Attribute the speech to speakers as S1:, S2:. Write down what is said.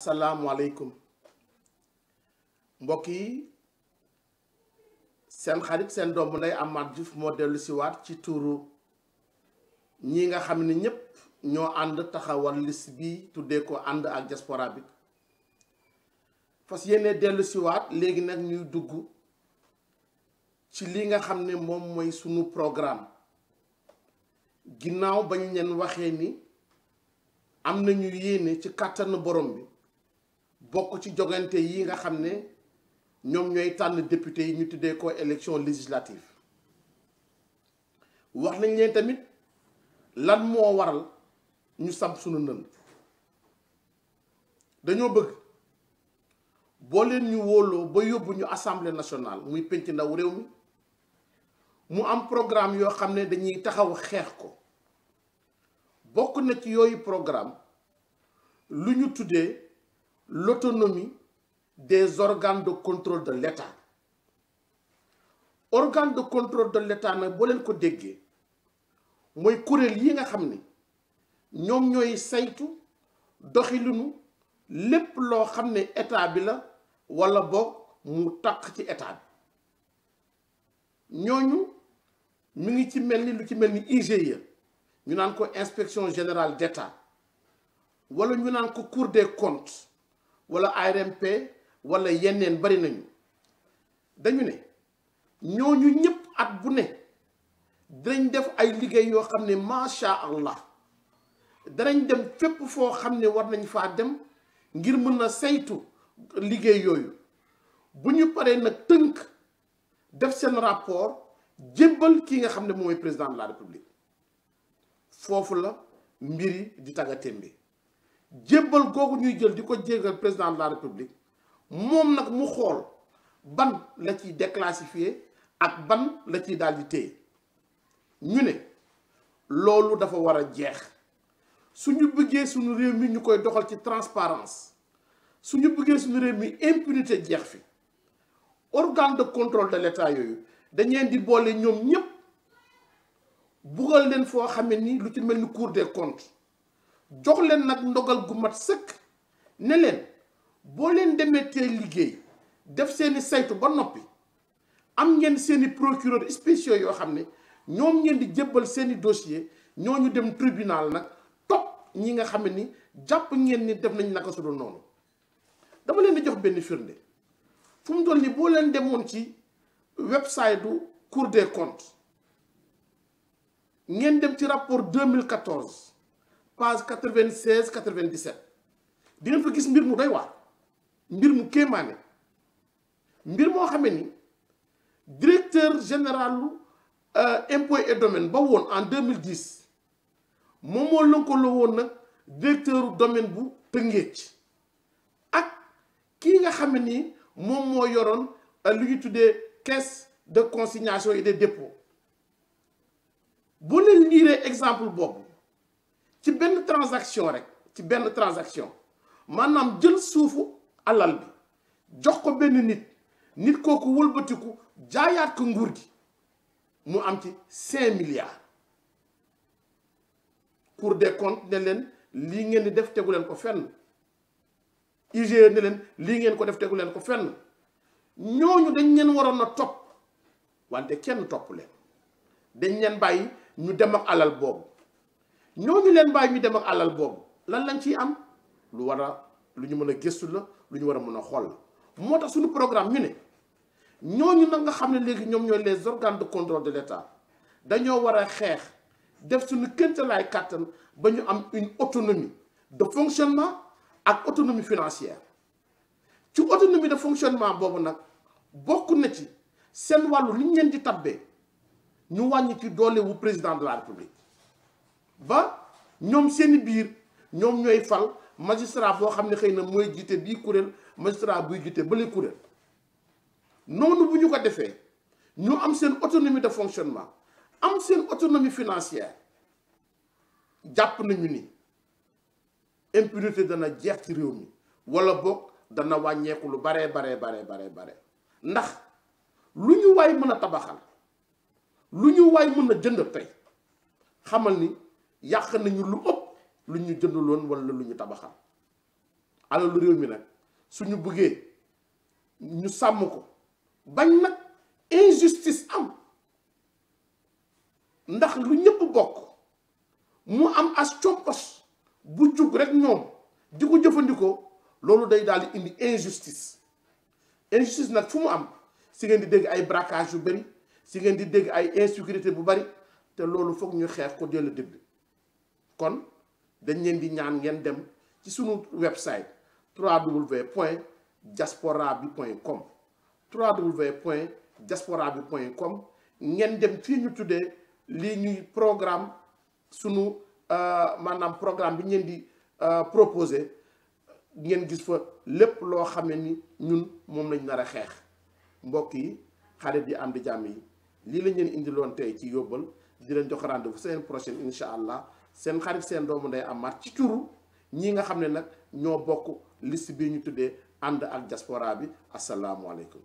S1: asalaamualeykum mbokk yi seen xarit seen doomu nday Amath Diouf moo dellu si ci tuuru ñi nga xam ne ñépp ñoo ànd taxawal liste tuddee ko ànd ak diaspora bi fas yéene dellu si léegi nag ñuy dugg ci li nga xam ne moom mooy sunu programme ginnaaw ba ñu leen waxee ni am nañu yéene ci kàttanu borom bi bokk ci jogante yi nga xam ne ñoom ñooy tànn député yi ñu tuddee ko élection législative wax nañ leen tamit lan moo waral ñu samp sunu nënd dañoo bëgg boo leen ñu wóoloo ba yóbbu ñu assemblée nationale muy pénc ndaw réew mi mu am programme yoo xam ne dañuy taxaw xeex ko bokk na ci yooyu programme lu ñu tuddee l'autonomie des organes de contrôle de l'État organe de contrôle de l'État nag boo leen ko déggee mooy kuréel yi nga xam ni ñoom ñooy saytu nu lépp loo xam ne état bi la walla boog mu takk ci état bi ñooñu mi ngi ci mel ni lu ci mel ni IGE ñu naan ko inspection générale d'État walla ñu naan ko cour de comptes wala ARMP wala yeneen bari nañu dañu ne ñooñu ñëpp at bu ne dinañ def ay liggéey yoo xam ne macha allah danañ dem fépp foo xam ne war nañ faa dem ngir mën na saytu liggéey yooyu bu ñu paree nag tënk def seen rapport jébbal ki nga xam ne moom mooy président la république foofu la mbiri di tagga témbe jébbal googu ñuy jël di ko jégal président de la république moom nag mu xool ban la ciy déclassifié ak ban la ciy daal di téye ñu ne loolu dafa war a jeex suñu bëggee suñu réew mi ñu koy doxal ci transparence suñu bëggee suñu réew mi impunité jeex fi organe de contrôle de l'état yooyu dañ leen di boole ñoom ñépp bugal leen foo xamee ni lu ci mel ni cour des comptes jox leen nag ndogal gu mat sëkk ne leen boo leen demee tee liggéey def seeni saytu ba noppi am ngeen seeni procureur spéciaux yoo xam ne ñoom ngeen di jébbal seeni dossier ñoo ñu dem tribunal nag topp ñi nga xam ni jàpp ngeen ni def nañ naka su noonu dama leen di jox benn firnde fu mu toll nii boo leen demoon ci website du Cour des comptes ngeen dem ci rapport 2014 page 96 97 di ngeen fa gis mbir mu doy waar mbir mu kéemaane mbir moo xame ni directeur général lu euh, impôt et domaine ba woon en 2010 moom moo lëkkaloo woon nag directeur domaine bu Tëngéej ak kii nga xam ni moom moo yoroon euh, lu ñu tuddee caisse de consignation et des dépôts boo leen liiree exemple boobu. ci benn transaction rek ci benn transaction maanaam jël suufu alal bi jox ko benn nit nit kooku wëlbatiku jaayaat ko nguur gi mu am ci cinq milliards Cour des comptes ne leen li ngeen di def tegu leen ko fenn IGE ne leen lii ngeen ko def tegu leen ko fenn ñooñu dañ leen waroon a topp wante kenn topp leen dañ leen bàyyi ñu dem ak alal boobu ñooñu leen bàyyi mi dem ak alal boobu lan lañ ciy am lu war a lu ñu mën a gëstu la lu ñu war a mën a xool la moo tax suñu programme ñu ne ñooñu nag nga xam ne léegi ñoom ñooy les organes de contrôle de l'État dañoo war a xeex def suñu këntalaay kàttan ba ñu am une autonomie de fonctionnement ak autonomie financière ci autonomie de fonctionnement boobu nag bokk na ci seen wàllu li ñu leen di tabbee ñu wàññi ci doole wu président de la république ba ñoom seeni biir ñoom ñooy fal magistrat boo xam ne xëy na mooy jiite bii kuréel magistrat buy jiite bële kuréel noonu bu ñu ko defee ñu am seen autonomie de fonctionnement am seen autonomie financière jàpp nañu ni impunité dana jeex ci réew mi wala boog dana wàññeeku lu baree baree baree baree bare ndax lu ñu waay mën a tabaxal lu ñu waay mën a jënd tey xamal ni yàq nañu lu ëpp lu ñu jënd loon wala lu ñu tabaxal alalu réew mi nag suñu buggee ñu sàmm ko bañ nag injustice am ndax lu ñëpp bokk mu am as compos bu jug rek ñoom di ko jëfandikoo loolu day daal di indi injustice injustice nag fu mu am si ngeen di dégg ay braquage yu bari si ngeen di dégg ay insécurité bu bari te loolu foog ñu xeex ko dès le début kon dañ leen di ñaan ngeen dem ci sunu website www point diaspora bi point com www point diaspora bi point com ngeen dem fii ñu tuddee lii ñuy programme sunu euh, maanaam programme bi ngeen di euh, proposé ngeen gis fa lépp loo xam ne ni ñun moom lañ nar a xeex mbokk yi xarit yi am di jàmm yi lii lañ leen indiloon tey ci yóbbal di leen jox rendez-vous semaine prochaine incha allah seen xarit seen doomu ndey Amar ci turu ñi nga xam ne nag ñoo bokk liste bi ñu tuddee ànd ak diaspora bi asalaamualeykum.